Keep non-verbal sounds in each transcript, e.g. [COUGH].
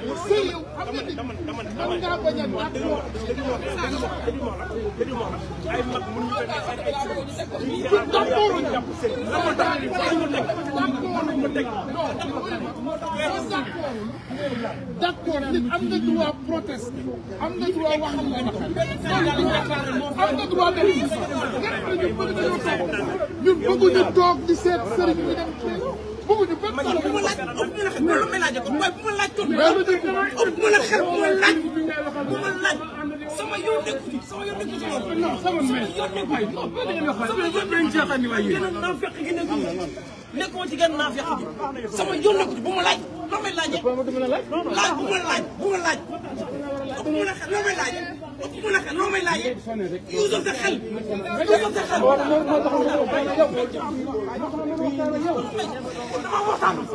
sëñ yow xam nga ni man ngaa bañ a naat moo ay mag mën ñu fekk ay ay sëriñ. d'accord ñu jàpp sëriñ. d'accord d'accord nit am nga droit protester am nga droit wax am nga droit def ñun bëgguñu toog di seet sëriñ bi dem bëgguñu benn tool bu ma laaj ëpp ma la mélangé ko waaye bu ma laaj tool ëpp ma la xel bu ma laaj bu ma laaj sama yoon nekku ci sama yoon nekku ci moom sama yoon nekku ci moom sama yoon nekku ci gën a naa fekk gi nekku nekkuma ci gën a naa fekk gi sama yoon nekku ci bu ma laaj loo may laajee laaj bu ma laaj bu ma laaj ëpp ma la xel loo may laajee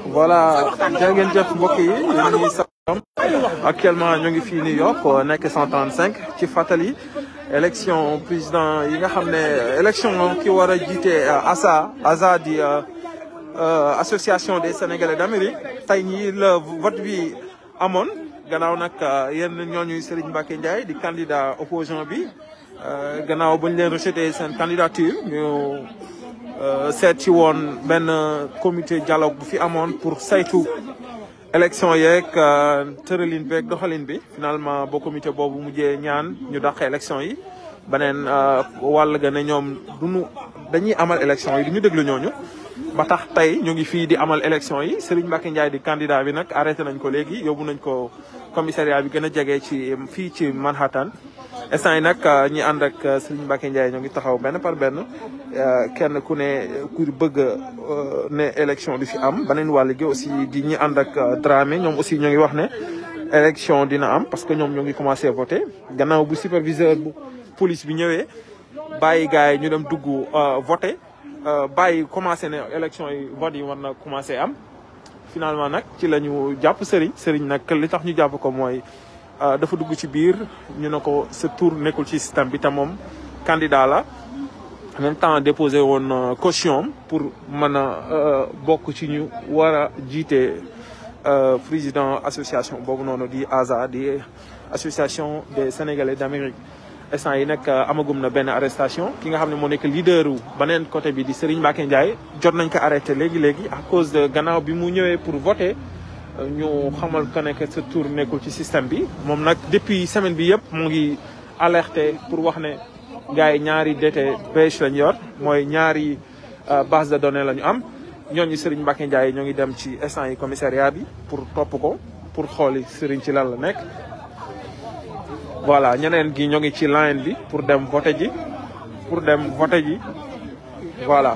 voilà actuellement nous sommes New York est 135 qui Fatali, élection président élection qui aura a à euh, ASA euh, euh, association des Sénégalais d'Amérique tey le votre vote bi gannaaw nag euh, yenn ñooñuy Serigne Mbacké Ndiaye di candidat opposant bi euh, gannaaw ba leen rejeté seen candidature ñu euh, seet woon benn comité dialogue bu fi amoon pour saytu élection yeeg tëralin beeg doxalin bi finalement ba comité boobu mujjee ñaan ñu dàq élection yi beneen wàll ga ne ñoom duñu dañuy amal élection yi duñu déglu ñooñu ba tax tay ñu ngi fi di amal élection yi Serigne Mbacke ndjay di candidat bi nak arrêté nañ ko légui yobu nañ ko commissariat bi gëna a ci fi ci Manhattan instant yi nag euh, ñi and ak euh, Serigne Mbacke ndjay ñu ngi taxaw ben par benn euh, kenn ku ne ku bëgg ne élection di fi am banen wàll gi aussi di ñi and ak Dramé ñom aussi ñu ngi wax né élection dina am parce que ñom ñu ngi commencé voter gannaaw bu superviseur bu police bi ñëwé bàyyi gaay ñu dem dugg voter Euh, bàyyi commencé ne élection yi vote yi commencé am finalement nak ci lañu japp jàpp sëriñ sëriñ nag li tax ñu japp ko mooy euh, dafa dugg ci biir ñu nako ce tour nekkul ci système bi ta mom candidat la en même temps déposé won euh, caution pour mëna a bokk ci ñu wara a jiite président association bobu nono di ASA di association des sénégalais d'Amérique instant yi nag euh, amagum na benn arrestation ki nga xam ne moo nekk leaderu beneen côté bi di Serigne Mbacke Ndiaye jot nañ ko arrêté léegi léegi à cause de gannaaw bi mu ñëwee pour voter euh, ñu xamal ko nekk sa tour nekkul ci système bi moom nag depuis semaine bi yëpp mu ngi alerté pour wax ne gars yi ñaari DTBH lañ yor mooy ñaari euh, base de données la ñu am ñooñu Serigne Mbacke Ndiaye ñoo ngi dem ci instant yi commissariat bi pour topp ko pour xooli Serigne ci lan la nekk. voilà ñeneen gi ñoo ngi ci line bi pour dem voté ji pour dem voté ji voilà.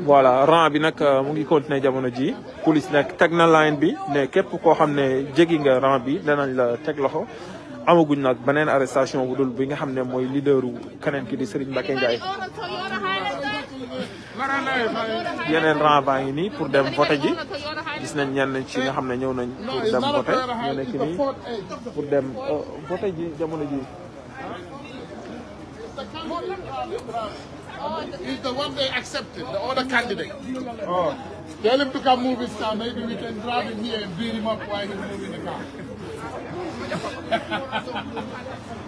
voilà rang bi nag euh, mu ngi continuer jamono ji police nag teg na line bi ne képp koo xam ne jéggi nga rang bi danañ la teg loxo amaguñ nag beneen arrestation bu dul bi nga xam ne mooy leaderu keneen ki di Serigne Mbacké He's pour dem vote ji gis nañ ci nga ñëw nañ pour dem vote pour dem euh, vote ji jamono ji is the one they accepted, the other candidate. Oh. Tell him to come move his car. Maybe we can drive him here and beat him up while he's moving the car. [LAUGHS]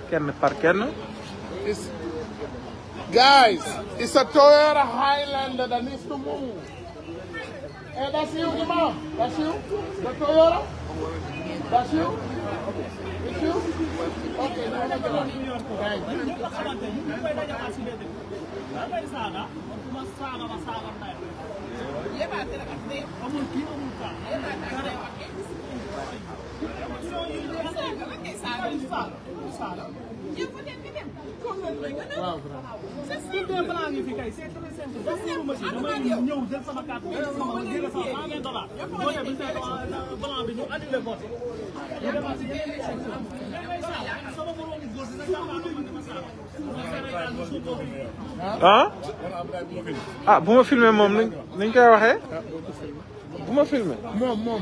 guys, it's a Toyota Highlander that needs to move. Hey, eh, that's you, come on. That's you? The Toyota? That's you? Okay. It's you? Okay, no, Thank you. sala. yow peut être que dem. kooku lañ lay não a. waaw waaw. c' est simple de balaa nga é kay c' est très não c' est simple não ñëw não sama não jël não cent não dollars. não bi não bi não annulé não ñu não si não élection. não moromu não si não sama ah ah bu ma filmé moom nañ koy waxee bu ma filmé moom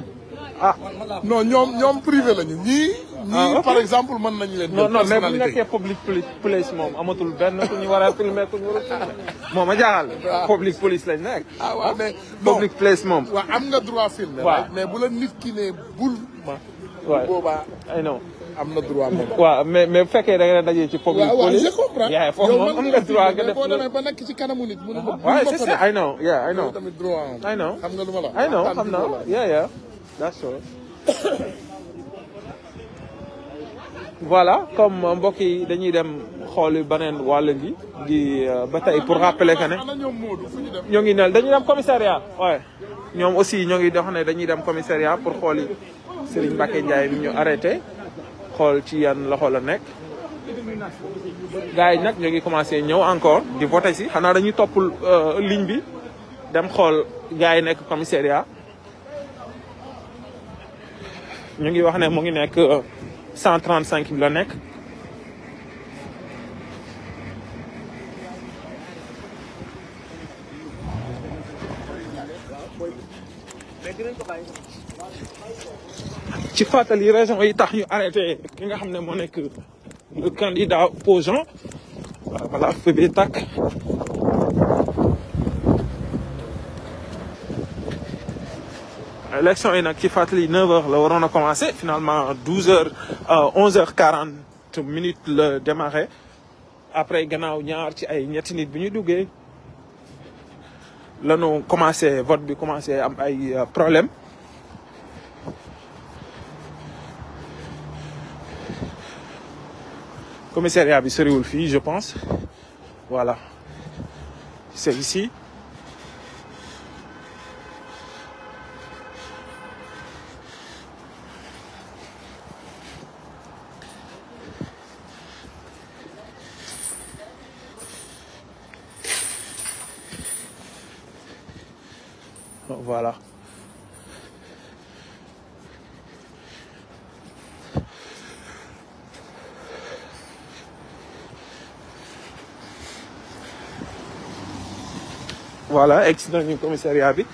ah non ñoom ñoom privé lañu ñii. ñii ah, par exemple mën nañu leen. non non mais bu nekkee public police moom amatul benn ku ñu war a filmé ku ñu não a filmé moom a jaaxal. Ah. public police lañ nekk. ah waaw ah. mais public place moom. waaw am nga droit filmé. waaw mais bu la nit ki ne bul. waaw boobaa. ay non am na droit moom. waaw mais mais bu fekkee da nga não ci public. waaw waaw je comprends yaay foofu moom am nga droit nga def boo demee ba nekk ci kanamu nit. mu ne ma não c'est ça ay non yeah ay non. tamit droit am. ay non xam nga lu ma la. ay non xam naa yeah yeah that's all voilà comme mbokk dañuy dem xooli banen wàll gi di euh, ba tey pour rappeler que Il y a nel dañuy dem commissariat waaye ñoom aussi ñoo ngi dox ne dañuy dem commissariat pour Il Serigne Mbacké Ndiaye mi ñu arrêté xool ci yan loxo la nekk gars yi nag commencé ñëw encore di voté si xanaa dañuy topp euh, ligne bi dem xool gars nek nekk commissariat ñu ngi wax ne mu ngi nekk euh, cent cinq bi nekk ci fàttali raison yi tax ñu ki nga xam ne moo nekk le euh, candidat opposant voilà feu bi L'élection est qui à 9h le on a commencé finalement 12h euh, 11h40 minutes Le démarré après il y a ay ñetti nit bi ñu duggee la de commencé vote bi commencé am ay euh, problème commissariat bi soriwul je pense voilà c'est ici. voilà egg si nañu commissariat bi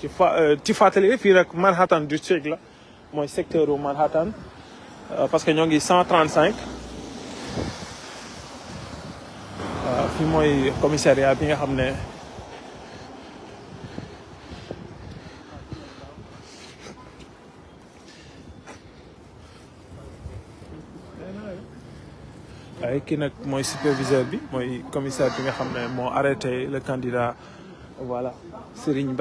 ci fa euh, ci fàttali fii nag Manhattan district la mooy secteur u Manhattan euh, parce que ñoo ngi 135 waaw euh, fii mooy commissariat bi nga xam ne qui est le superviseur bi commissaire bi nga xamné mo arrêté le candidat voilà Serigne de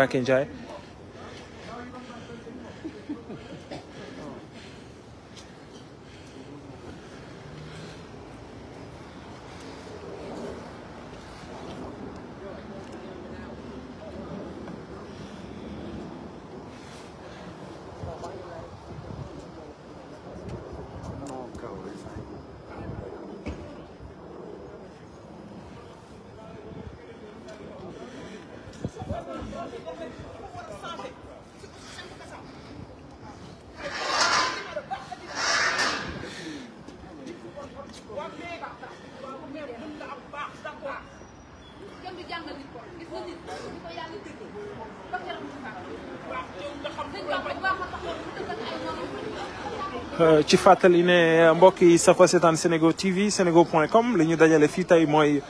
Euh, ci fatali ne euh, mbokk yi safa seetaan Sénégo TV senego.com li ñu dajale fi tay moy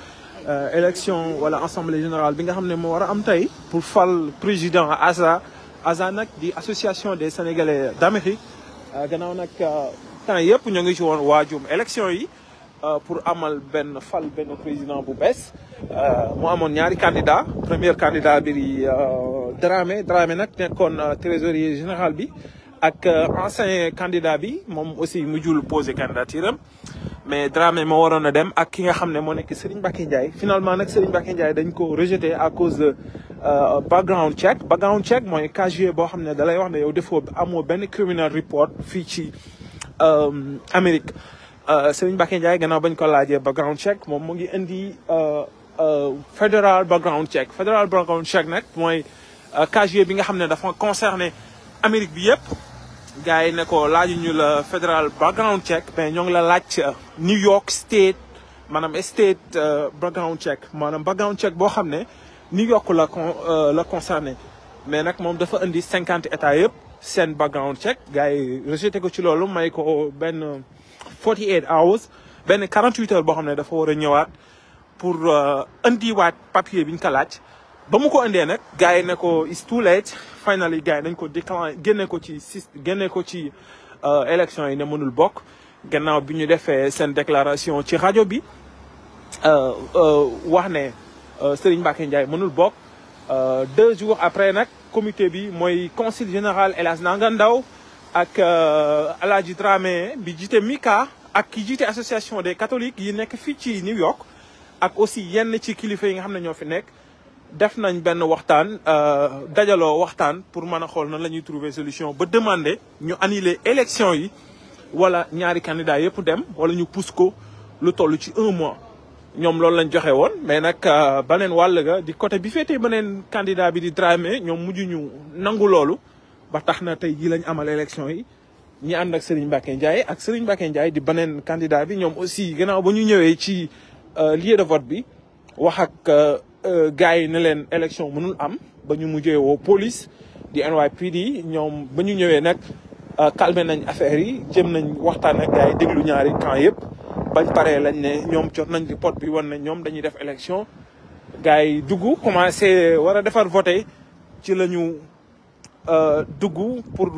euh, élection wala assemblée générale bi nga xam ne wara am tay pour fal président ASA ASA nag di association des sénégalais d'Amérique gannaaw nak temps yépp ñoo ngi ci won wajum élection yi pour amal benn fal benn président bu bess mo amone ñaari candidat premier candidat bi di Dramé Dramé nag nekkoon trésorier général bi ak euh, ancien candidat bi moom aussi mujjul posé candidature mais Dramé moo waroon a dem ak ki nga xam ne moo nekk Serigne finalement nag Serigne Mbacké Ndiaye dañ ko rejeté à cause de euh, background check background check mooy casier boo xam ne da lay wax ne yow defoo amoo ben criminal report fii ci euh, Amérique Serigne Mbacké Ndiaye gannaaw bañ ko laajee background check moi, mu ngi indi federal background check federal background check nag mooy casier bi nga xam ne dafa concerné Amérique bi gars yi ne ko laajuñu la federal background check mais ñoo ngi la laaj euh, New York state maanaam state euh, background check maanaam background check boo xam ne New York la con euh, la concerné mais nag moom dafa indi cinquante états yëpp seen background check gars yi rejeté ko ci loolu may ko benn forty eight hours benn quarante huit heures boo xam ne dafa war a ñëwaat pour indiwaat papier bi ñu ko laaj. ba mu ko indee nag ne ko it's too late finally gars yi dañ ko déclarer génne ko ci si ko ci euh, élection yi ne mënul bok gannaaw biñu défé sen déclaration ci radio bi euh, euh, wax ne Serigne Mbacké Ndiaye mënul euh deux jours après nak comité bi moy conseil général El Nangandaw ak euh, Aladji Dramé bi jité Mika ak ki jité association des catholiques yi nekk fi ci New York ak aussi yenn ci kilifa yi nga xamné ñoo fi nekk def nañ ben waxtaan euh dajalo waxtaan pour mën xol xool nan la trouver solution ba demander ñu annuler élection yi wala ñaari candidat yépp dem wala ñu pousse ko lu tollu ci 1 mois. ñom loolu lañ joxé won mais nag euh, banen wàll ga di côté bi fété beneen candidat bi di Dramé ñom muju ñu nangu loolu ba taxna tay tey lañ amal élection yi ñi and ak Serigne Mbacke ndjay ak Serigne Mbacke ndjay di banen candidat bi ñom aussi gënaaw ba ñu ñëwé ci euh, lieu de vote bi wax ak. Euh, Euh, gars yi ne leen élection mënul am ba ñu mujjee woo police di NYPD ñoom ba ñu ñëwee nag euh, calmé nañ affaire yi jëm nañ waxtaan ak gars déglu ñaari temps yëpp bañ paree lañ ne ñoom jot nañ di pot bi wan ne ñoom dañuy def élection gars yi dugg commencé war a defar voté ci lañu ñu euh, dugg pour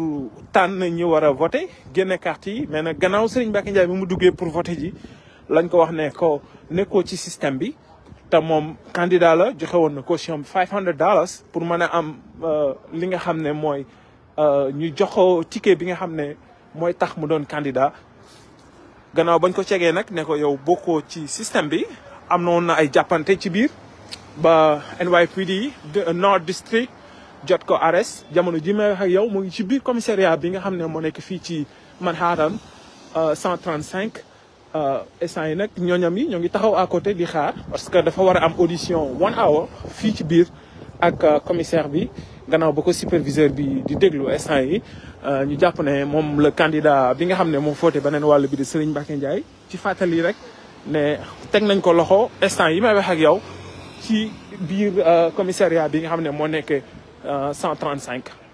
tànn ñi war a voté génne carte yi mais nag gannaaw Serigne Mbacké Ndiaye bi mu duggee pour voté ji lañ ko wax ne ko nekkoo ci système bi te moom candidat la joxe woon na caution 500 dollars pour mën a am euh, li nga xam ne mooy euh, ñu jox ko ticket bi nga xam ne mooy tax mu doon candidat gannaaw bañ ko cegee nag ne ko yow bokkoo ci système bi am na woon na ay jàppante ci biir ba NYPD euh, North District jot ko arrest jamono ji may wax yow mu ngi ci biir commissariat bi nga xam ne moo nekk fii ci Manhattan 135 essant euh, yi nag ñooñam yi ñoo taxaw à côté di xaar parce que dafa wara am audition one hour fi ci biir ak euh, commissaire bi gannaaw bako superviseur bi di déglu instant yi euh, ñu japp né mom le candidat bi nga xamné mom foté benen walu bi de Serigne Mbacké Ndiaye ci fatali rek né teg nañ ko loxo instant yi may wax ak yow ci biir commissariat bi nga xamné mo nekk 135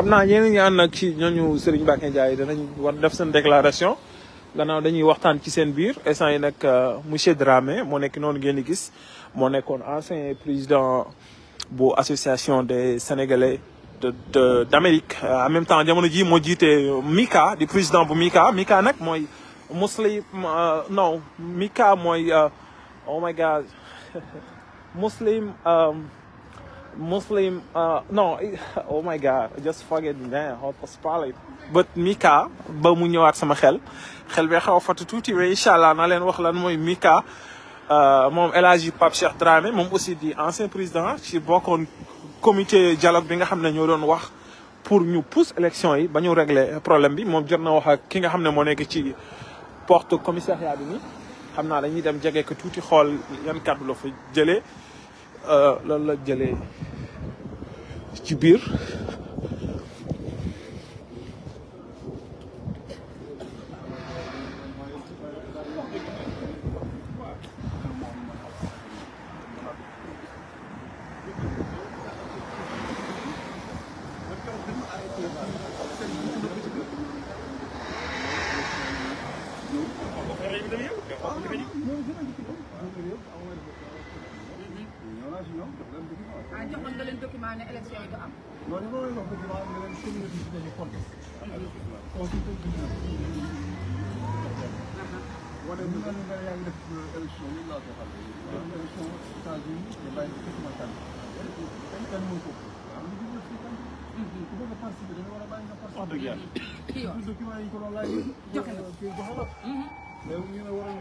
xam nous ñi une ci Serigne déclaration gannaaw dañuy waxtaan ci sen biir euh, monsieur Dramé ngeen ancien président bu association des sénégalais d'Amérique. Euh, en même temps jamono ji mo Mika le président bu Mika Mika nak un muslim euh, non Mika oh my god [LAUGHS] muslim. Muslim, uh, no, [LAUGHS] oh my god, I just forget man, how to spell it. but Mika ba mu ñëwaat sama xel xel bee xaw a fàttali tuuti mais incha allah naa leen wax lan mooy Mika uh, moom El Hadji Pape Cheikh moom aussi di ancien président ci bokkoon comité dialogue bi nga xam ne ñoo doon wax pour ñu pousse élection yi ba ñu régler problème bi moom jot na wax ak ki nga xam ne moo nekk ci porte commissariat bi nii xam naa dañuy dem jege ko tuuti xool yan kàddu la fa jëlee. Euh, lan la jëlee ci biir loolu loolu la ko gis nga leen commune bi ñu tuddee Kolda. consulté bi ñu wane ni nga ne yaa ngi def élection yi laa ko xam. def élection États-Unis nga bàyyi ko sama tànn. kenn kenn mënu ko. waaw ñu gis nga si tànn. ku bëgg a participer da nga war a bàyyi nga participer. wax dëgg yàlla. kii waaw kii waaye ñu ko doon laaj. joxe na kii joxe na. mais ñu ne waroon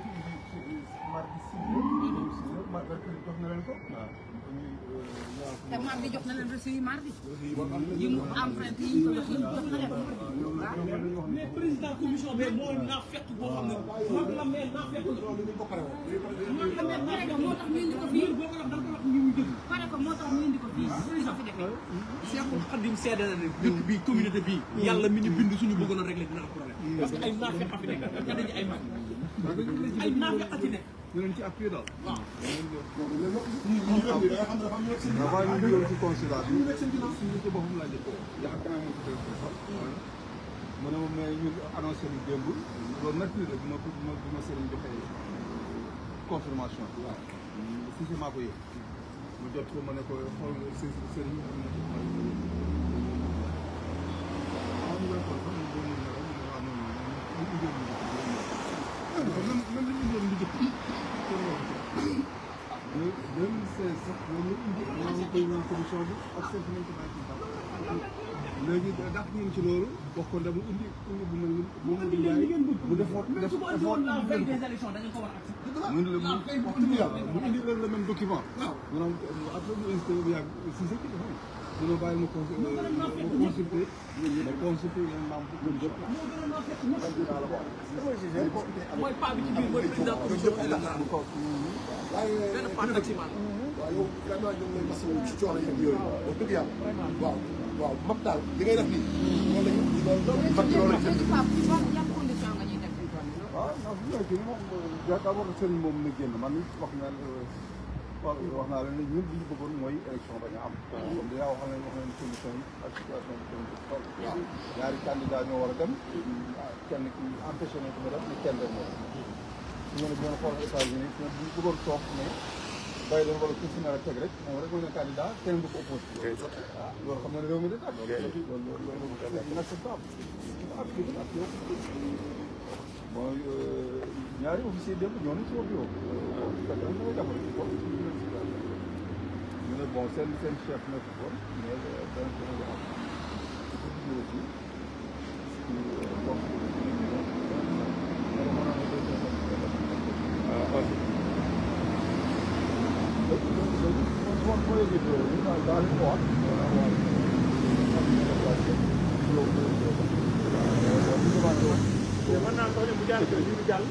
ci mardi si mardi jox na leen ko te mardi jox na leen reçu yi mardi yi mu empreinte yi ñu ko jox na leen mais président commission bi moo naa fekk boo xam ne mag la mel naa fekk mag la mel naa fekk moo tax ñu indi ko fii boo ko def danga ko wax ñu dégg pare ko moo tax ñu indi ko fii président fi defee Seexul Xadim seede na ne dëkk bi communauté bi yàlla mi ñu bind suñu bëggoon a régler dina am problème parce que ay naa fekk fi nekk te dañu ay mag ay naafeq a ci nekk. ñu leen ci appuyé daal. waaw. ñu ngi ci consulat bi. suñu ci boppam laaj ko. yaakaar naa moom ci ma ne ma mais ñu annoncé lu démb. loolu nag fii rek ma ma ma sëriñ joxee confirmation. waaw si si maa ko yëg. mu jot ko ma ne ko xool sëriñ bi am na ko ma ne ko. waaw ñu ngi koy xool sax ñu ngi koy mën a wax ñu ngi koy mën a wax. léegi ndax ñun ci loolu bokkoon da mu indi indi bu mel ni moom mu defoon def defoon indi la mu indi la même document. maanaam après mu insisté bu yàgg si sa dina bàyyi mu consul mu consulter mu consulter yeneen maam bu gën jëpp. mooy paa bi ci biir mooy président pour ñu jëm état. benn paa taximan. waaw yow vraiment ñoom ñooy masawu ci coono yi yooyu wax dëgg yàlla waaw waaw mag daal li ngay def nii. loolu la ñu loolu la ñu waaw non non kii moom jàkkaarloo sëriñ moom la génn man wax na. waaw wax naa leen ne ñun li ñu bëggoon mooy élection bañ a am. kon dèjà wax nañ wax nañ solution yi ak situation bi tamit toll. waaw ñaari candidat ñoo war a dem. Mm-hmm. kenn ki empêché na ko ba def ne kenn dem moom. su ma leen xoolal États-Unis su ma leen bëggoon toog ne bay doon wala suuf si nar a teg rek moom rek mooy ne candidat kenn du ko opposé. waaw loolu xam nga ne réew mi de tàkk. loolu loolu loolu c'est inacceptable. ak kii ak yow. bon. Euh, iniare o visediamo Ione che ovvio italiano ve lavoro che poi ci sono Yine bonser lisansı yapmak var. Yine de ben sana da çok güzel. Kontrol ediyor. Bunlar dahil şey. var. Yok, yok, yok. Hemen arkadaşım bu geldi. Bu geldi.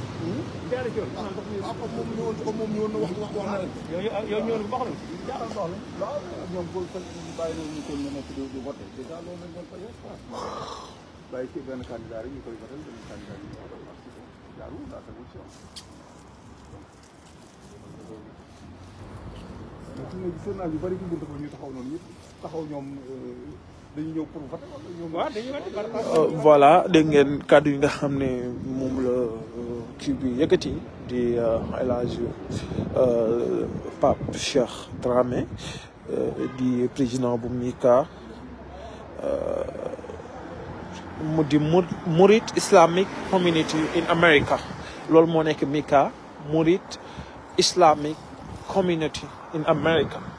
jaara coon waaw comme moom ñëwoon ko moom ñëwoon na wax wax wax na rek yow ñëwoon ko wax na jaara soxla waaw ñoom boo fa bàyyi na ñu koy nekk di di voté dèjà loolu lañ doon fay bàyyi ci benn candidat yi ñu koy voté benn candidat yi ñu koy voté jaarul daa tegu ci yoon su ma gisoon naa ñu bëri ci buntu ba ñu taxaw noonu yëpp taxaw ñoom dañu ñëw pour voter euh, voilà dégg ngeen kàddu yi nga xam ne moom la euh, kii bi yëkkati di euh, El Hadj Pape Cheikh di président bu Mika mu di Murid Islamic Community in America loolu moo nekk Mika Murid Islamic Community in America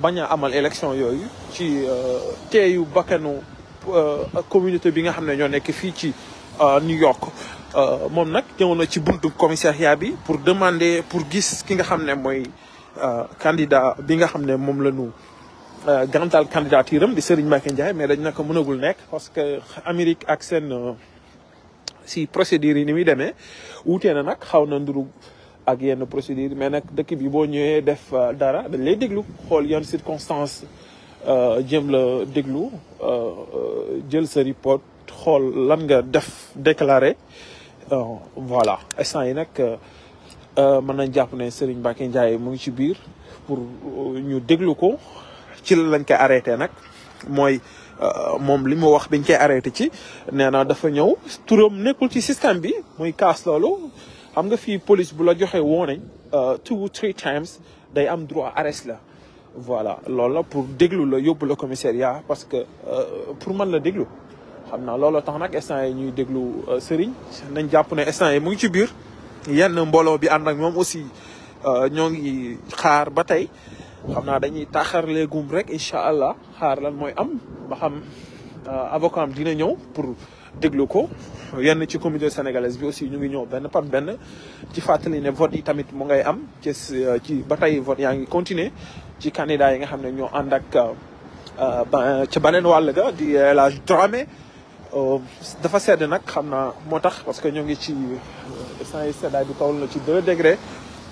baña amal élection yooyu ci euh, téyu bakanu euh, communauté bi nga xamné ño nek fi ci euh, New York mom nak ñëw ci buntu commissariat bi pour demander pour gis ki nga xamné moy candidat bi nga xamné mom la gantal candidature di Serigne Mbacké Ndiaye mais dañ naka mënagul nek parce que Amérique ak sen si procédure ni uti démé wuutee na nak xawna a yenn procédure mais nak dëkk bi boo ñëwee def euh, dara dañ lay déglu xool yan circonstance circonstances. Euh, la déglu euh, jël sa report xool lan nga def déclaré voilà instant yi nag mën nañ jàpp ne Serigne Ndiaye mu ngi ci biir pour ñu déglu ko ci lañ koy arrêté nag mooy moom li mu wax dañ koy arrêté ci nee dafa ñëw turam nekkul ci système bi muy xam nga fii police bu la joxee warning euh, two three times day am droit arrest la voilà loolu la pour déglu la yóbbu la commissariat parce que euh, pour man la déglu xam na looloo tax nag instant yi ñuy déglu euh, Serigne nañ jàpp ne instant yi mu ngi ci biir yenn mbooloo bi ànd ak moom aussi ñoo ngi xaar ba tey xam naa dañuy taxar leegum rek incha allah xaar lan mooy am ba xam avocat dina ñëw pour. déglu ko yenn ci comité sénégalais bi aussi ñu ngi ñëw benn par benn ci fàttali né vote yi tamit mo ngay am ci euh, ci ba vote yaa ngi continuer ci candidat yi nga xamné ñoo and ak euh, ca banen wàll ga di El Hadj Dramé euh, dafa sedd nag xam naa moo parce que ñoo ngi ci instant yi seddaay bi tawul na ci 2 degrés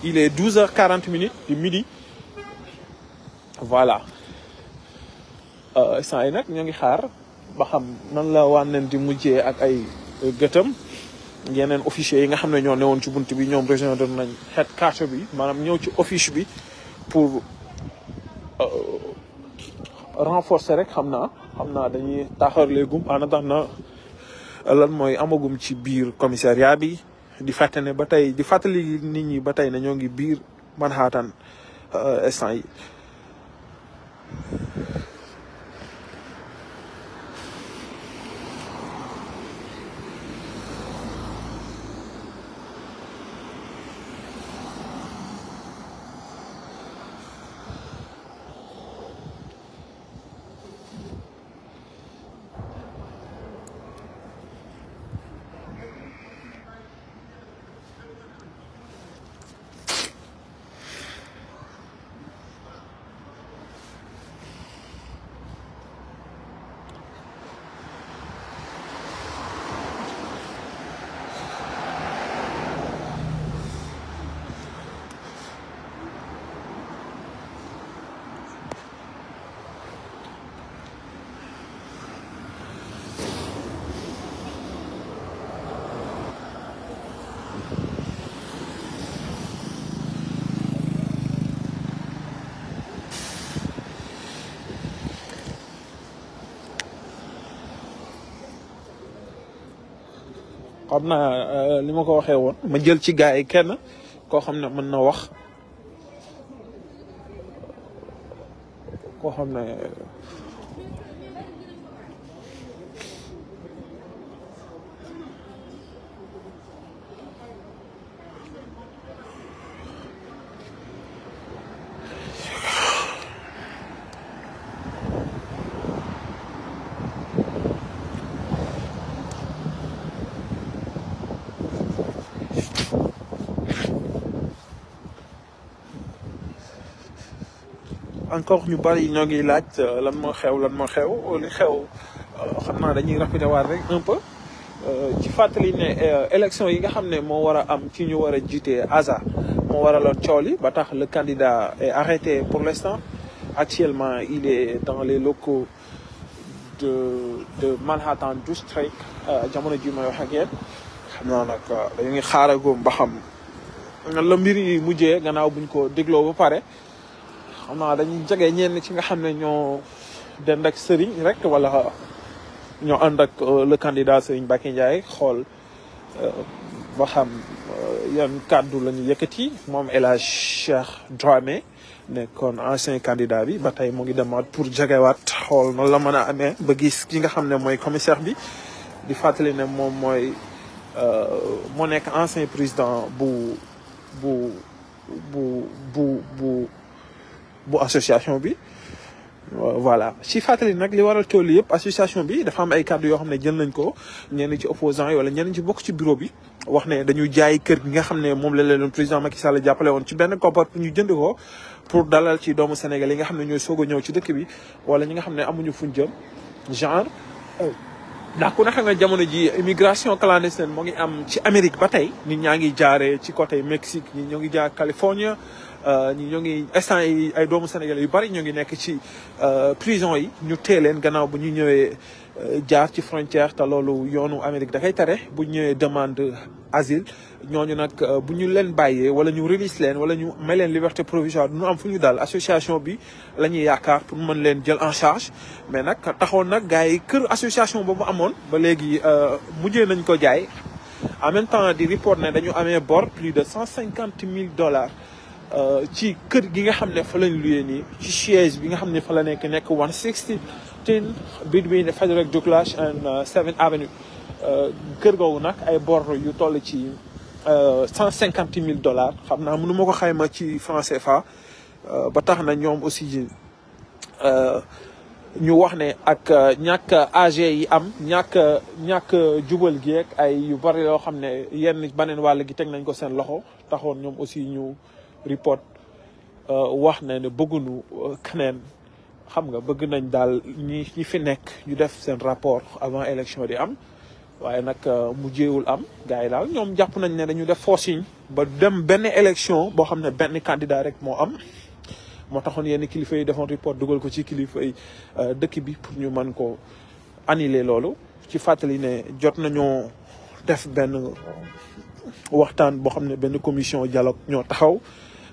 il est 12 h 40 minutes du midi voilà euh yi nak ñoo ngi xaar ba xam nan la wànneen di mujjee ak ay gëtam yeneen officier yi nga xam ne ñoo newoon ci bunt bi ñoom rejoindre nañ xeet carte bi maanaam ñëw ci office bi pour euh, renforcer rek xam na xam naa dañuy taaxarleegum ana tax na lan mooy amagum ci biir commissariat bi di fàtte ne ba tey di fàttali nit ñi ba tey ne ñoo ngi biir man Manhattan euh, instant yi xam naa euh, li ma ko waxee woon ma jël ci gars yi kenn koo xam ne mën na wax koo xam ne encore ñu bari ñoo ngi laaj euh, lan moo xew lan moo xew li xew euh, xam naa dañuy répété waat rek un peu euh, ci fàttali ne élection yi nga xam ne moo war a am ci ñu war a jiite ASA moo waraloon coow li ba tax le candidat est arrêté pour l'instant actuellement il est dans les locaux de de Manhattan District jamono ji may wax ak yéen xam naa nag dañu ngi xaaragum ba xam nan la mbir yi mujjee gannaaw buñ ko dégloo ba pare xam naa dañuy jege ñenn ci nga xam ne ñoo dend ak sëriñ rek wala ñoo ànd ak euh, le candidat Serigne Mbacké Ndiaye xool euh, ba xam euh, yan kàddu la ñu yëkkati moom El Hadj Cheikh Dramé nekkoon ancien candidat bi ba tey mu ngi demaat pour jegewaat xool na la mën a amee ba gis ki nga xam ne mooy commissaire bi di fàttali ne moom mooy moo nekk ancien président bu bu bu bu bu association voilà si fatali nak li waral tool yépp association bi dafa am ay cadre yoo xam jël nañ ko ñenn ci opposants wala ci ci bureau bi wax ne dañuy jaay kër gi nga xam ne la leen président Macky Sall ci pour pour dalal ci doomu Sénégal nga xam ne ñooy soog a ci dëkk bi wala ñi nga amuñu fuñ jëm genre. Euh, ndax ku nga jamono ji immigration clandestine moo ngi am ci Amérique ba tey nit ñaa ngi jaaree ci côté Mexique ñi ñoo euh, ñu ngi instant yi ay doomu Sénégalais yu euh, prison yi ñu tee gannaaw bu ñu ñëwee euh, ci frontière yoonu Amérique tere bu demande asile ñooñu nag bu ñu leen bàyyee wala ñu release leen wala ñu liberté provisoire am association bi la pour mën leen en charge mais nag taxoon nag gars kër association amoon ba léegi mujjee nañ ko en même temps di report ne dañu amee bor plus de 150 000 dollars Euh, ci kër gi nga xam ne fa lañ luyee nii ci siège bi nga xam ne fa la nekk nekk one sixteen between Frederick Douglass and euh, Seventh Avenue euh, kër googu nag ay bor yu toll ci cent cinquante mille dollars xam naa mënu ma ko xayma ci franc CFA ba tax na ñoom aussi ñu wax ne ak ñàkk AG yi am ñàkk ñàkk jubal gi ak ay yu bari yoo xam ne yenn baneen wàll gi teg nañ ko seen loxo taxoon ñoom aussi ñu report euh, wax na ne bëggunu euh, keneen xam nga bëgg nañ daal ñi ñi fi nekk ñu def seen rapport avant élection di am waaye nag euh, mu jéewul am gars yi daal ñoom jàpp nañ ne dañu def forcing ba dem benn élection boo xam ne benn candidat rek moo am moo taxoon yenn kilifa yi defoon report dugal ko ci kilifay dëkk bi pour ñu mën ko annuler loolu ci fàttali ne jot nañoo def benn waxtaan boo xam ne benn commission dialogue ñoo taxaw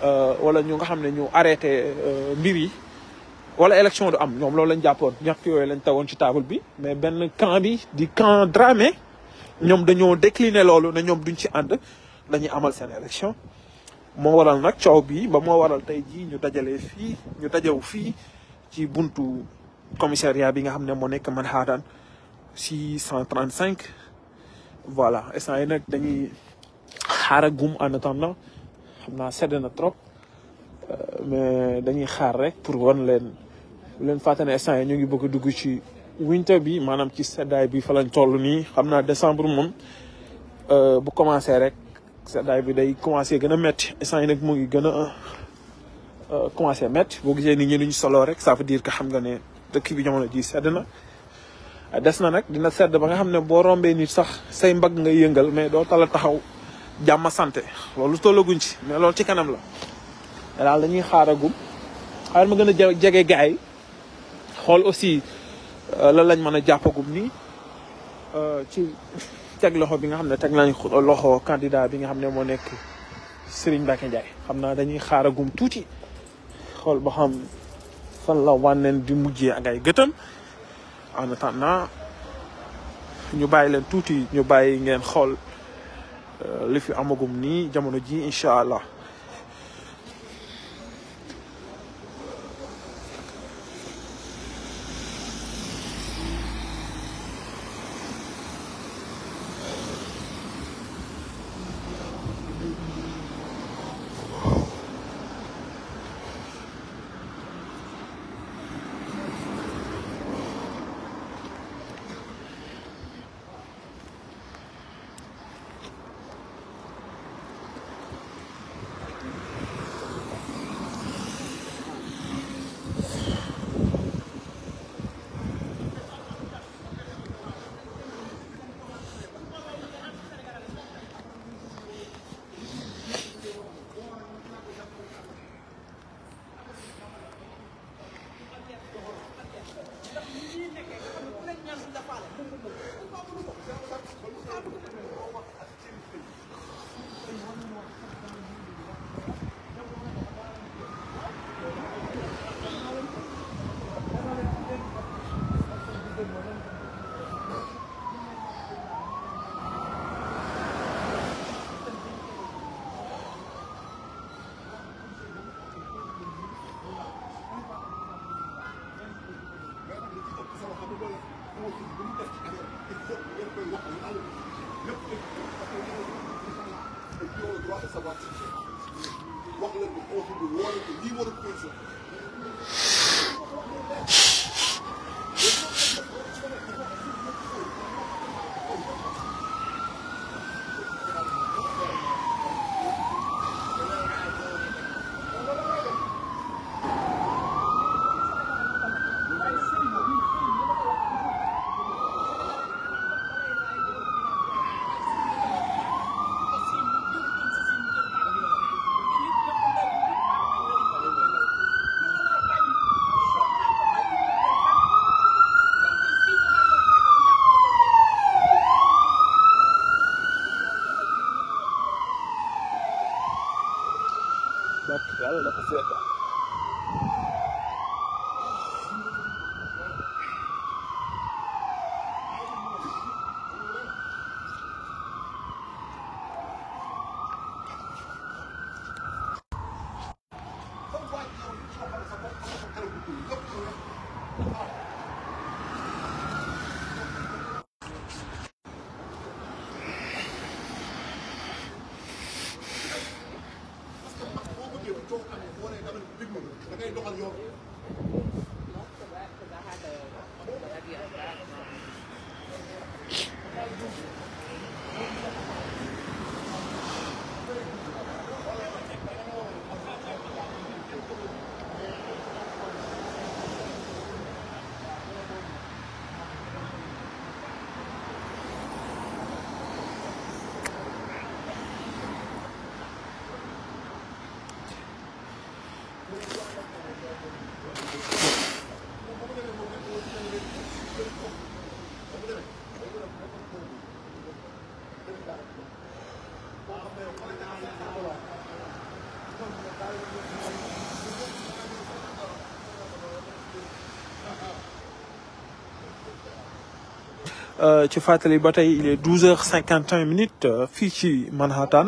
Euh, wala ñu nga xamné ñu arrêté euh, mbir yi wala élection du am ñom loolu lañ lañ ci table bi mais benn camp di camp Dramé ñom dañoo décliné loolu duñ ci nous dañuy amal élection waral bi ba waral commissariat bi nga 635 voilà et xam naa sedd na trop euh, mais dañuy xaar rek pour wan leen bu leen fàtte ne instant yi ñu ngi bëgg a dugg ci winter bi maanaam ci seddaay bi fa lañ toll nii xam naa décembre moom euh, bu commencé rek seddaay bi day commencé gën a métti instant nag mu ngi gën a euh, commencé métti boo gisee nit ñi ñu soloo rek ça veut que xam nga ne dëkk bi jamono ji sedd na. des na nag dina sedd ba nga xam ne boo rombee nit sax say mbag ngay yëngal mais doo tala taxaw. jàmm santé loolu tollaguñ ci mais loolu ci kanam la mais daal dañuy xaaragum xaaral ma gën a jege gars yi xool aussi euh, la lañ mën a jàppagum nii euh, ci [LAUGHS] teg loxo bi nga xam ne teg nañ loxo candidat bi nga xam ne moo nekk Serigne Mbacké Ndiaye xam naa dañuy xaaragum tuuti xool ba xam fan la wànneen di mujjee ak ay gëtam en na ñu bàyyi leen tuuti ñu bàyyi ngeen xool. li fi amagum nii jamono ji incha allah 别人的不需要。Euh, ci fàttali ba tey il est douze heures cinquante un minutes euh, fii ci Manhattan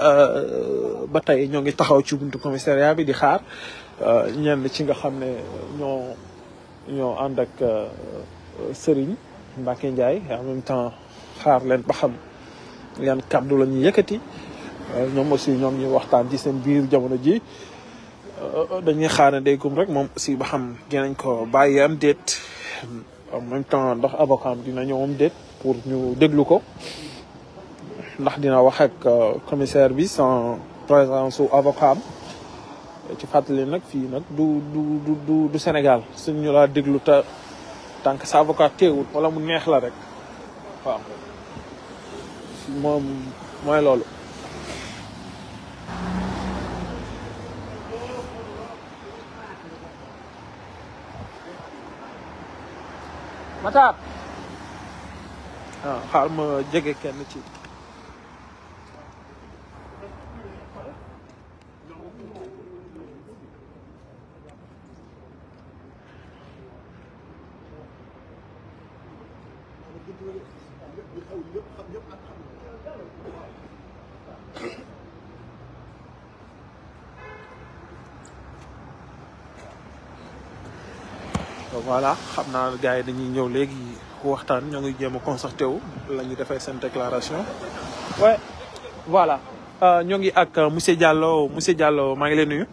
euh, ba tey ñoo ngi taxaw ci buntu commissariat bi di xaar ñenn ci nga xam ne ñoo ñoo ànd ak Serigne Mbacke Ndiaye en même temps xaar leen ba xam yan kàddu la ñuy yëkkati ñoom aussi ñoom ñuy waxtaan ci seen biir jamono ji dañuy xaarandegum rek moom aussi ba xam dinañ ko bàyyi am déet. en même temps ndax avocat am dina ñëwam déet pour ñu déglu ko ndax dina wax ak euh, commissaire bi sans présence su avocat ci fàttali nag fii nag du du du Sénégal suñu laa déglu ta tant que sa avocat teewul wala mu neex la rek waaw moom mooy loolu. Matar waaw ah, xaar ma jege kenn ci voilà xamna gaay dañuy ñëw fait waxtaan ñoo ngi jëm concerté wu Nous déclaration. ouais voilà Nous euh, ngi ak euh, monsieur Diallo monsieur Diallo ngi nuyu.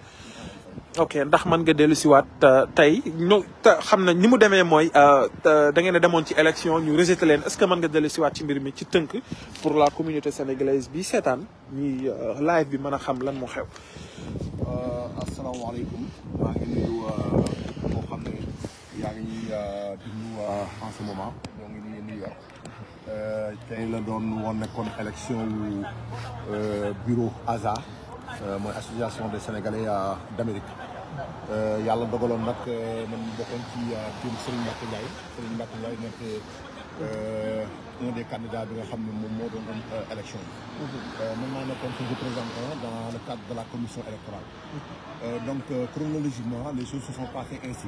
ok ndax une nga Nous avons tay ñu xamna ni mu une euh, da avons né une ci élection ñu rejeté est-ce que man nga déclaration. Nous ci mbir mi ci pour la communauté sénégalaise bi sétane ñi live bi Nous xam lan xew. ngi nuyu. Marie euh, ngi ah, en ce moment ñoo New York euh, tey la a woon élection euh, bureau ASA l'association euh, association des sénégalais d'Amérique Il y a man bokkoon ci team Serigne Mbacke Serigne un des candidats de la femme ne moom moo doon am mm-hmm. représentant dans le cadre de la commission électorale. donc chronologiquement les choses se sont passées ainsi.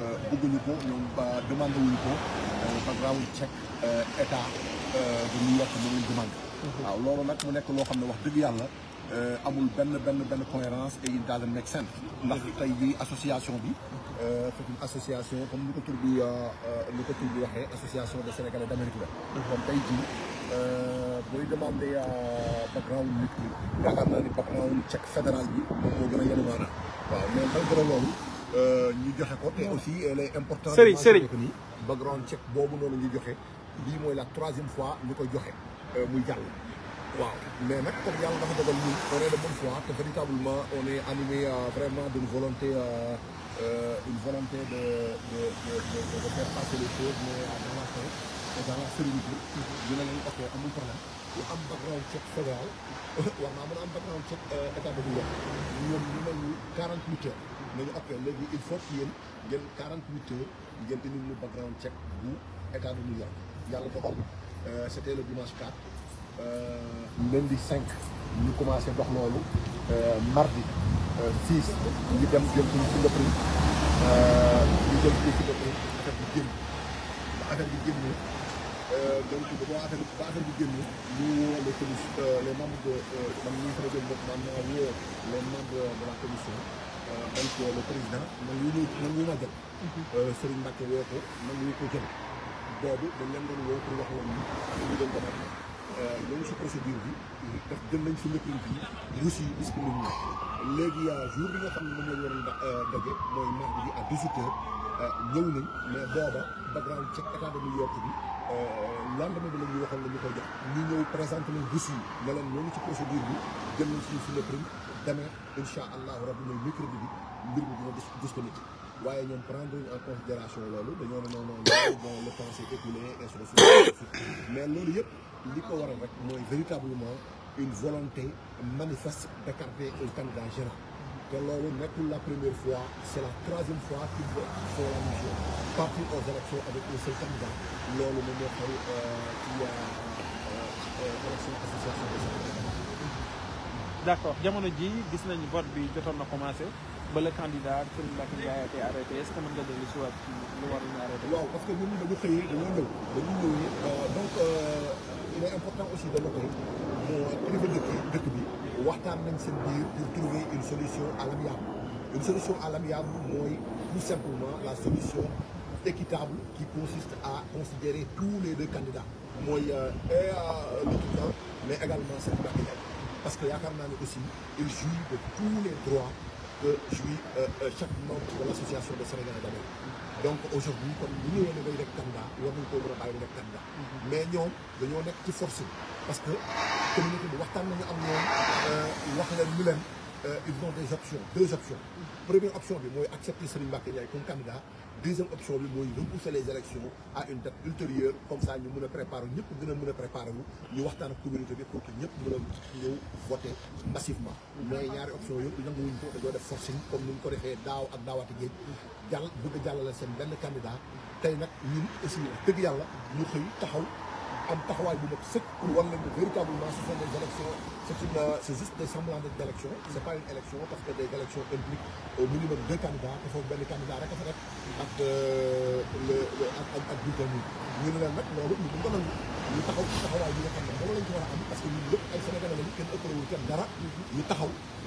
Euh, bëgguñu ko ñoom ba demandé wuñu ko background euh, check euh, état bu New York mu ngi demandé. Mhm. waaw loolu nag mu nekk loo xam ne wax dëgg yàlla amul benn benn benn cohérence et il daal di nekk seen. ndax mhm. tey jii association bi. c'est association comme ni ko tur bi ni ko bi waxee association de Sénégalais d'Amérique la. Mhm. kon tey jii booy background nit ki yaakaar fédéral bi moom moo gën a yélu maanaam. waaw mais malgré Euh, ñu aussi elle est importante la troisième fois euh, mais comme on est de bonne foi véritablement on est animé euh, vraiment d'une volonté une volonté de faire passer les choses mais dans la fin la ne fait problème am background check [LAUGHS] a de 48 nañu après léegi il faut que yéen ngeen 48 heures ngeen indil ñu background check bu état de New York yàlla doxal euh, c' était le dimanche 4 euh, lundi 5 ñu commencé dox loolu euh, mardi 6 ñu dem jëm suñu Singapour ñu jëm suñu Singapour affaire bi génn bi génn donc boo affaire ba bi génn ñu les commission les membres de man ñu ngi fa la de la commission. donc le président man yi ñu man yi ma jël euh, Serigne Mbacke woo ko man yi ko jël boobu dañ leen doon woo pour wax woon ni ñu doon euh, procédure bi daf jël nañ fi lëppin bi russi disponible ñu léegi jour bi nga xam ne moom la ñu waroon euh, daje nañ mais booba background check état de New York bi lendemain bi la ñu ñu ñëw présenté nañ russi yi ne leen ñoo ngi ci procédure bi jël nañ suñu si lëppin demain Inch'Allah, incha allahu rabi ñoom micro bi le micro dina disponible waaye ñoom prendre en considération loolu dañoo ne non non le temps s'est écoulé ainsi de suite mais le yëpp nous, ko avoir rek véritablement une volonté manifeste d'écarter le candidat gérant te loolu pour la première fois c'est la troisième fois qu'il faut la mission. Pas partir aux élections avec le seul candidat loolu le moo xew ci euh, euh, euh, élection association d'accord jamono ji gis nañu vote bi jotoon na commencé ba le candidat a été arrêté est-ce que vous avez des si waat ci lu parce que nous, nous avons dañoo le dañu euh, Donc, donc euh, il est important aussi de noter privé le de bi waxtaan nañ pour trouver une solution à l'amiable une solution à l'amiable c'est tout simplement la solution équitable qui consiste à considérer tous les deux candidats moi et temps, mais également cette la Ndiaye parce que yaakaar aussi il jouit de tous les droits que jouit euh, euh, chaque membre de l'association des Sénégalais d'Amérique donc aujourd'hui comme nous, ñu leen bay rek candidats, on mais nous, sommes nous ci force parce que communauté de waxtaan nous am euh, ils ont des options deux options première option c'est d'accepter accepter Serigne avec comme candidat Deuxième option, c'est de repousser les élections à une date ultérieure. Comme ça, nous nous préparons, nous pouvons nous préparer, nous pouvons nous communiquer pour que nous puissions voter massivement. Mais il y a une option, nous devons nous faire des forces, comme nous l'avons fait Dao et Dao Atigay. Nous devons nous faire des candidats. Nous devons nous faire des candidats. Nous devons nous faire des candidats. am taxawaay bu mat sëkk pour war leen véritablement ce sont des élections c'est est une c'est juste des semblants d' élection c' pas une élection parce que des élections impliquent au minimum deux candidats te foofu benn candidat rek a fa nekk ak le le ak ak du bi ñu la nak lolu ñu ko nangu ñu taxaw ci bi nga xam ne moom lañ ko wara am parce que ñu lépp ay sénégalais lañu kenn wu kenn dara ñu taxaw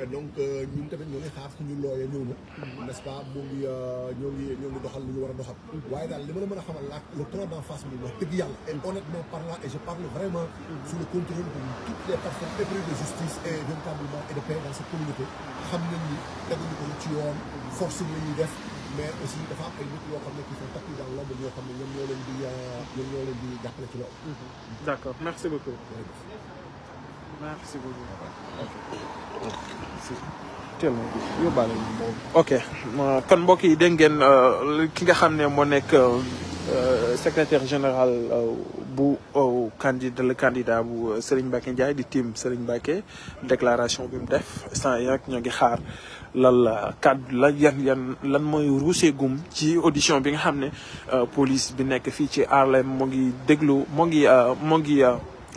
et donc euh, ñun tamit ñoo ngi xaar suñu looyee ñëw na n'est-ce pas mu ngi euh, ñoo ngi ñoo ngi doxal lu ñu war a doxal waaye daal li ma la mën a xamal la le temps d'en face bi wax dëgg yàlla et honnêtement parlant et je parle vraiment sous le contrôle de toutes les personnes épris de justice et véritablement et de paix dans cette communauté xam nañ ni teguñu ko ci yoon force la ñuy def mais aussi dafa am ay nit yoo xam ne qui sont tapis dans l'ombre ñoo xam ne ñoom ñoo leen di euh, ñoom ñoo leen di jàppale ci loolu d'accord merci beaucoup Merci beaucoup. ok kon mbokk yi dégg ngeen euh, ki nga xam ne moo Euh, secrétaire général euh, bu euh, candidat le candidat bu Serigne Mbacké Ndiaye di team Serigne Mbacké déclaration bi mu def sans yàq ñoo ngi xaar lan la la yan yan lan moy ruusee gum ci audition bi nga xamné euh, police bi nek fi ci Arlem mo ngi déglu mo ngi mo ngi.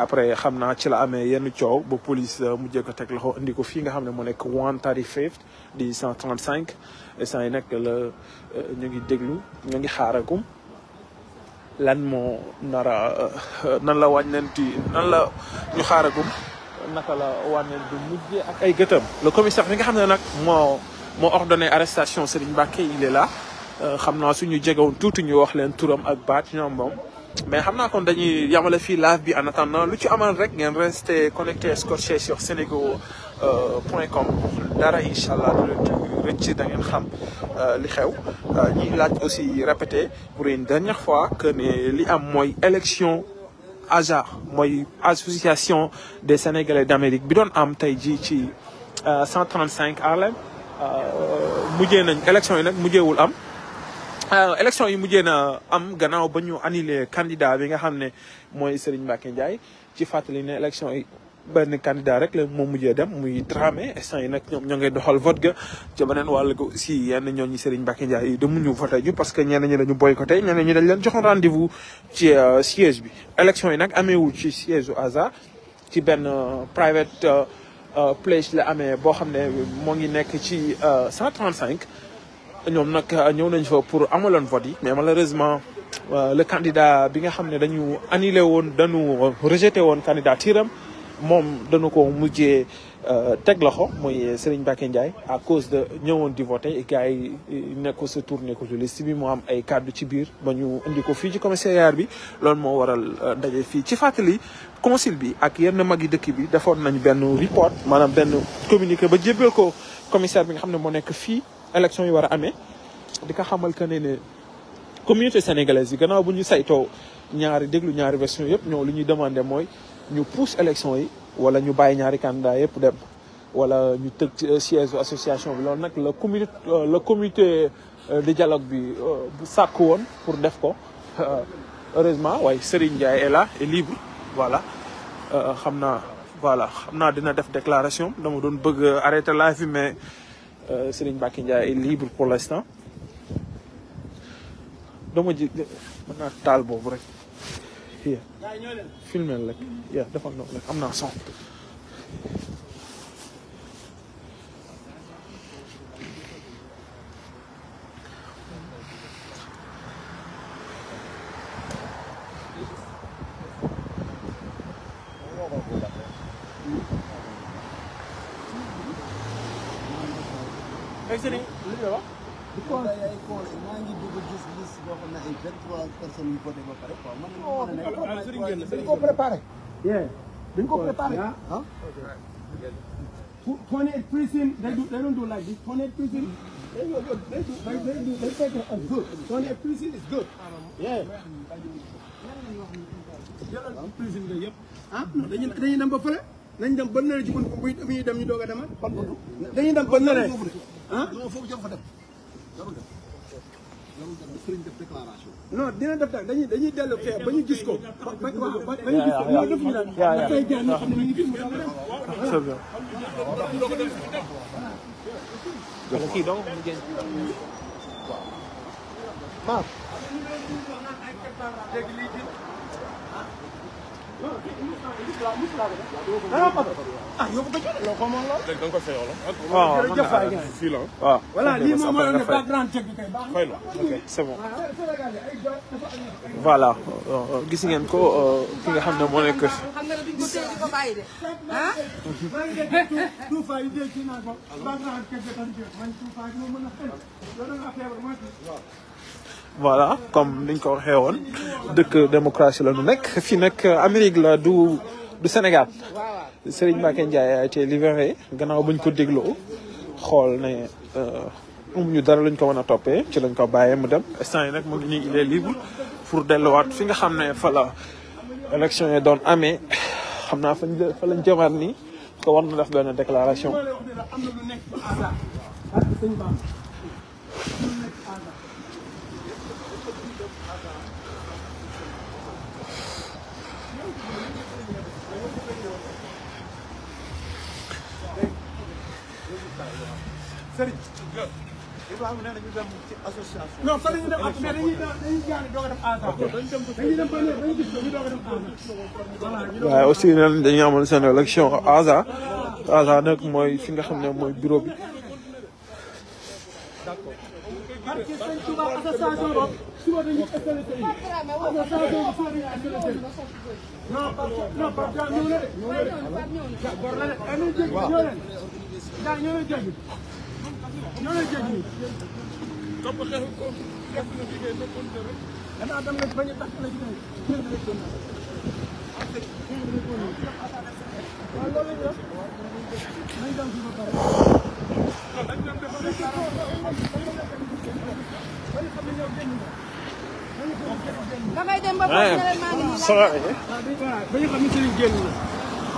après xamna ci la amé yenn ciow ba police mu jëkk tek loxo indi ko fii nga xamné mo nek 135 di 135 et ça instant nek le euh, ñu ngi déglu ñu ngi xaarakum lan mo nara euh, [LAUGHS] nan la wàññeenti nan la ñu xaarakum naka la du mujjé ak ay gëtam. le commissaire bi nga xamné nak mo mo moo ordonné arrestation Serigne Mbacké il est là euh, xamna suñu jegewoon tuuti ñu wax len turam ak baat ñom moom mais xam naa kon dañuy yamale fii live bi en attendant lu ci amal rek ngeen resté connecté scotché sur senego euh, point com dara incha allah du leen rëcc da ngeen xam euh, li xew euh, ñuy laaj aussi répété pour une dernière fois que ne li am mooy élection AJA mooy association des sénégalais d' Amérique bi doon am tey jii ci 135 Harlem mujjee nañ élection yi nag mujjeewul am. Euh, élection yi mujjee na am gannaaw bañu annuler candidat bi nga xamné moy Serigne Mbacké Ndiaye ci fatali né élection yi ben candidat rek le mo mujjé dem muy tramé instant yi nak ñom ñoo ngay doxal vote ga ci benen wàll ko si yenn ñooñu Serigne Mbacké Ndiaye yi demuñu voté ju parce que ñenn ñi dañu boycotté ñenn ñi dañ leen joxoon rendez-vous ci euh, siège bi. élection yi nak amé wu ci siège u ASA ci ben private place la amé bo xamné mo ngi nekk ci 135. ñoom nag euh, ñëw nañ fa pour amaloon vote yi mais malheureusement euh, le candidat bi nga xam ne dañu annulé woon dañu rejeté woon candidature am moom dañu ko mujjee euh, teg loxo mooy seriñ Mbacké Ndiaye à cause de ñëwoon di voté et gars yi ne tour ne ko ci mu am ay kàddu ci biir ba ñu indi ko fii ci commissariat bi loolu moo waral ndaje fii ci fàttali conseil bi ak yenn mag yi dëkk bi defoon nañu benn report maanaam benn communiqué ba jébbal ko commissaire bi nga xam ne moo nekk fii élection yi war a amee di xamal que né communauté sénégalaise yi gannaaw bu ñu saytoo ñaari déglu ñaari version yépp ñoo li ñuy demandé mooy ñu pousse élection yi wala ñu bàyyi ñaari candidat yépp dem wala ñu tëg euh, siège association bi loolu nag le communauté euh, le comité euh, de dialogue bi bu sàkk woon pour def ko heureusement waaye Serigne Ndiaye est là et libre voilà xam naa voilà xam naa dina def déclaration dama doon bëgg arrêter la vie mais Euh, Serigne Mbacké Ndiaye est libre pour l'instant dama ji mën naa taal boobu rek fii filmel rek yaa defal noonu rek am naa son ay sëriñ li nga wax. maa ngi dugg gis gis boo xam ne ay vingt trois personnes yu voté ba pare quoi man oh, man dañ ko préparé. dañ ko préparé ah. Corner prison they do they don't do like this Corner prison they do they do they do they do they take it as good Corner prison is good. yeah. jëloon prison nga yëpp. ah non dañuy dañuy dem ba fële nañ dem ba nële ci bunt bu muy dem ñu doog a demaat. dañuy dem ba nële. ah non foofu jarul fa dem jarul dem jarul dem sëriñ def déclaration. non dina def daal dañuy dañuy dellu fee ba ñu gis ko. ba ba waaw ba ñu gis ko ñoom defuñu daal dafay jaar ñoo xam ne ñu ngi fi mu daal dem. kii donc mu génn. waaw. Ah. ah yow ko jëlee loo xamoon lool. léegi da nga ko fayoo la. waaw waaw jërëjëf waay jërëjëf fii la. waaw voilà lii moom mooy ne background check bi kay baax na. ok c'est bon. voilà gis ngeen ko euh, ki nga xam ne moo nekk. ah. voilà comme niñ ko waxee woon dëkk démocratie la ñu nek fi nag Amérique la du du Sénégal Serigne Mbacké Ndiaye a été libéré gannaaw buñ ko dégloo xool ne um euh, ñu dara lañ ko mëna topé ci lañ ko bayé mu dem instant yi nag mu ngi il est libre pour delluwaat fi nga xamné ne fa la élection yi doon amé xamna fañ fa lañ jëmaat ni ko war na def benn déclaration sëriñ. li nga xam ne dañuy dem ci association. non fa la ñuy dem ak mais dañuy dañuy jaaree doog a dem ANSA. dañuy dem ba léegi dañuy gis dañuy doog a dem ANSA. voilà waaye aussi ren dañuy amoon seen élection ANSA. ANSA nag mooy fi nga xam ne mooy bureau bi. d'accord. parce que sëñ Touba association boobu suba dañuy installé tey association bi suba dañuy installé tey non parce que non parce que ñëw na de. ñëw na de. d'accord ñëw na de. gars ñoo lay jéggi ñoo lay jéggi. topp xeexu ko xeex na liggéey nekkoon na rek. danaa dem nag bañ a tàq la ci tey ñoom la ko ñëw. waaw loolu la ñu def nañ dem fii ba pare. dañ leen defal rek dara ba ñu xam ne ñoom génn nga. da ngay dem ba pare ah, maa ngi nii. waaw ba ñu xam ne Serigne génn na.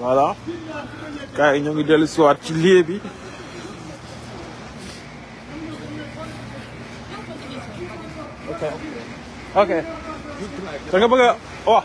voilà gars yi ñoo ngi dellu siwaat ci lieu bi ok ok da nga bëgg a wax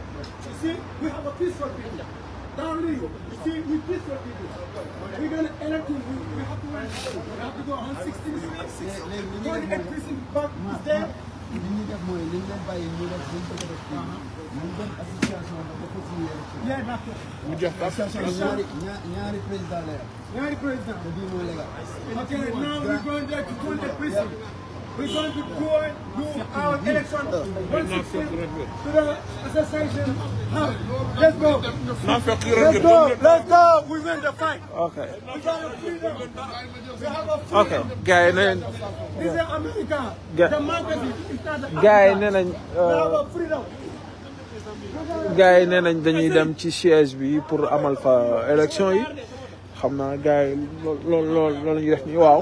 see, we have a peaceful people. Down Liu, you see, we peaceful people. We're going to electing, we, we have to run. We have to go 116 streets. 48 prison back is there. li ñu def mooy li ñu leen bàyyi ñu def bu ñu ko def kii ñu dem association ba ba ko ci yéen mu jox ko association ñaari ñaari président la ñaari président te bii mooy légal ok now we going there to join the prison We're going to go, do our election once to the association. Now, let's go. Let's go. Let's go. We win the fight. Okay. We got a freedom. We have a freedom. Okay. Guy, then. This is America. Guy. The market is not America. Guy, then. We have uh, a freedom. gars yi nee nañ dañuy dem ci siège bi pour amal fa élection yi xam naa gars yi lool lool loolu la ñuy def nii waaw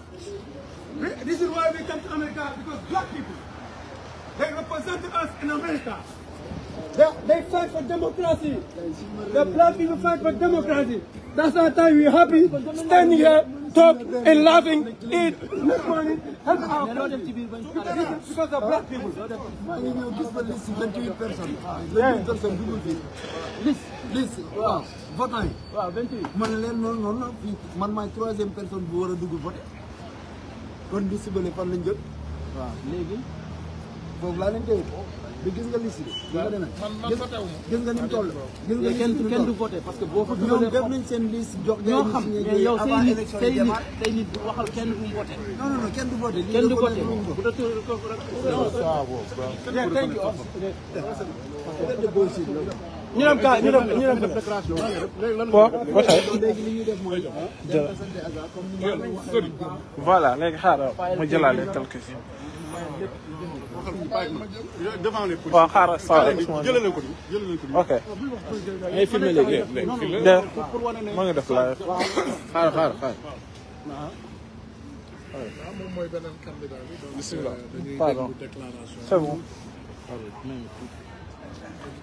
This is why we come to America, because black people, they represent us in America. They, they fight for democracy. The black people fight for democracy. That's not why we're happy standing here, talk and laughing, eat, make money, help our country. Because, of black people. Listen, 28 person. 28 person, Google it. Listen, listen, wow, vote I. Wow, 28. Man, man, man, man, my troisième personne, vous voulez voter. kon liste ba fan lañ jël waaw léegi foofu laa leen téye bi gis nga liste bi. waaw man man voté wu ma gis nga ni mu toll. gis nga kenn kenn du voté parce que boo fa. ñoom def nañ seen liste jox ñoo xam mais yow say nit say nit say nit waxal kenn du mu voté. non non non kenn du voté. kenn du voté bu dee tur. waaw waaw waaw. ñu dem ka ñu dem ñu dem voilà léegi xaaral ma jëlaale quelque si waaw xaaral saa ok ngay filmé léegi de ma nga def live xaaral xaaral xaaral bismillah pardon c'est bon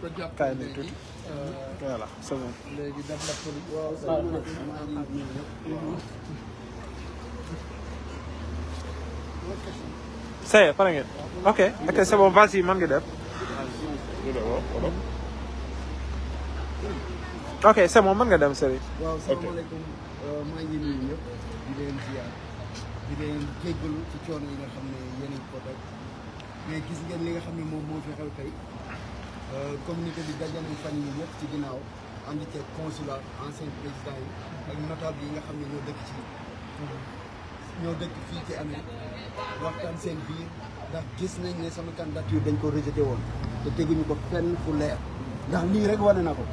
ko jàppale léegi voilà c'est bon. léegi def na police. waaw waaw c'est pare ngeen ok ok c'est man ngi nga dem Serigne. waaw salaamaaleykum euh, yi nga xam ne ngeen li nga xam ne moom Euh, communité bi dajale fan yi yëpp ci ginnaaw ànd ceeg consulat ancien président yi ak notable yi nga xam ne ñoo dëkk ci ñoo dëkk fii ci Amérique waxtaan seen biir ndax gis nañ ne sama candidature dañ ko rejeté woon te teguñu ko fenn fu leer ndax lii rek wane na ko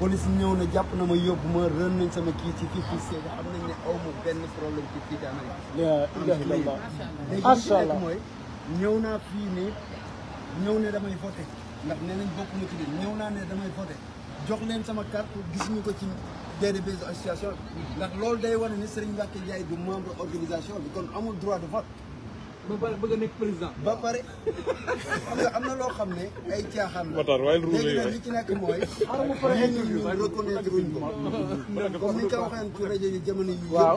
police ñëw na jàpp na ma yóbbu ma rën nañ sama kii ci fii fii seega xam nañ ne aw benn problème ci fii ci Amérique léegi rek mooy ñëw naa fii ne ñëw ne ndax nee nañ bokk ma ci biir ñëw naa ne damay voté jox leen sama carte gis ñu ko ci DDB association bi ndax loolu day ni ne Serigne Mbacke Ndiaye du membre organisation bi kon amul droit de vote ba pare président. ba pare xam nga am na loo xam ne ay caaxaan la. léegi nag li ci nekk mooy. xaaral ma pare ñu ko comme ni nga ko waxee ci rajo yi jamono yi. waaw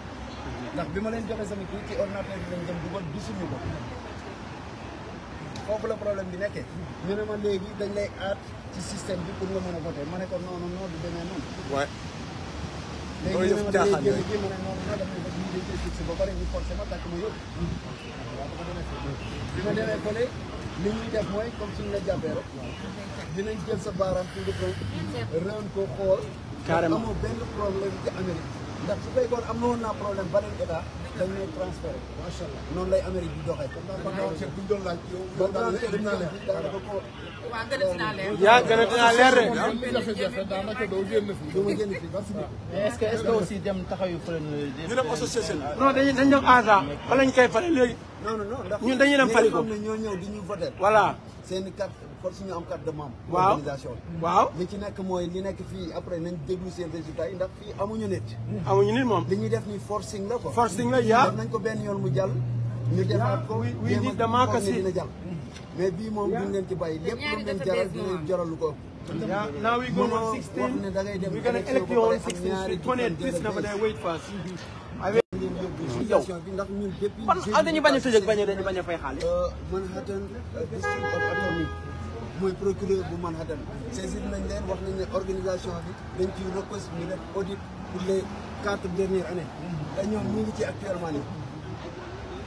ndax bi ma leen joxe sama kii ci ordinateur bi lañ jëm dugal gisuñu ko foofu problème bi nekkee ñu ne ma léegi dañ lay aat ci système bi pour nga mën a voter ma ne ko non non noonu. waay loolu yëpp caaxaan yooyu léegi ñu ne ma non non damay def lii dañ koy ba pare ñu forcé ma tàkk ma yóbbu. waaw ba bi ma demee fële li ñuy def mooy comme suñu la jàppee rek dinañ jël sa baaraam pour nga ko xool. carrément amoo benn problème ci Amérique. ndax su fekkoon am na woon naa problème beneen état dañ ñuy transféré. macha allah noonu lay Amérique di doxee. kon daal bu ñu doon laaj yow. yow daal léegi naa leen daanaka ko. waaw gën a dinaa leer de. yaa gën a dinaa leer de. yaa ngi jafe-jafe daanaka doo génn fii. doo ma génn fii merci beaucoup. est-ce que est-ce que aussi dem taxawu fële ñu. ñu dem association bi. non dañuy dañu dem ANSA. fa lañ koy fare léegi. non non non ndax ñun dañuy dem fari ko ñun dañuy dem fari ko ñoo ñëw di ñu voté. voilà seen i carte. force ñu am carte de membre. waaw organisation waaw li ci nekk mooy li nekk fii après nañ déglu seen résultat yi ndax fii amuñu nit. Hmm. amuñu nit moom li ñuy def nii forcing la ko forcing la yaa def nañ ko benn yoon mu jàll. ñu defaat ko jéem a dama kasi dina jàll. Hmm. mais bii moom duñ leen ci bàyyi lépp lu leen jaral dinañ jaral ko. Yeah. Now we're going on dem We're going to elect you on 16 Street, 28 Peace Now, but I wait first. I wait. yow dañu bañ a tëjëg bañ a dañu bañ a fay xaalis. Euh, muy procureur bu a dem saisir nañ leen wax nañ ne organisation bi dañ ciy request ñu def audit pour les quatre dernières années te ñoom ñu ngi ci actuellement nii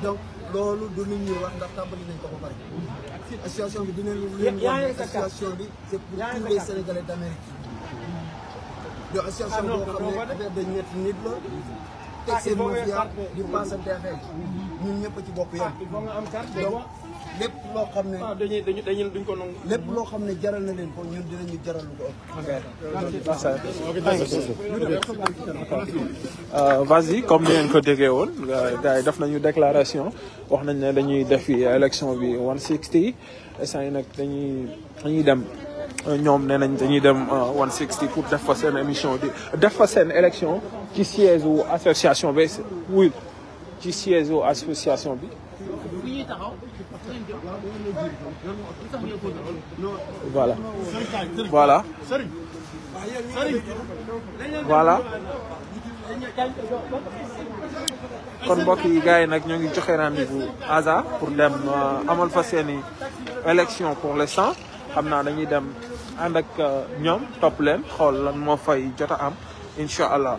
donc loolu du nit ñi wax ndax tàmbali nañ ko ba pare association bi dinañ leen wax association bi c'est pour tous les Sénégalais d'Amérique do association ah boo xam ne affaire de ñetti nit la ah, teg seen mafia di passante affaire ñun ñëpp ci bopp yam ah, donc lépp lo xamné ne. waaw ah, dañuy dañuy dañuy duñ ko nangu. lépp lo xamné jaral na leen ko ñun dinañu jaral lu ko ëpp. Euh, vas-y comme ni ko déggee woon euh, gars yi def nañu déclaration wax nañ né dañuy def fi élection bi 160 instant nak dañuy dañuy dem. ñoom né nañ dañuy dem 160 euh, pour def fa seen émission di def fa seen élection ci siège wu association bi oui ci siège wu association bi. voilà voilà voilà kon mbokk yi gars yi nag ñoo ngi joxe rendez-vous ASA pour dem euh, amal fa seeni élection pour l'instant xam naa dañuy dem ànd ak euh, ñoom topp leen xool lan moo fay jot a am incha allah.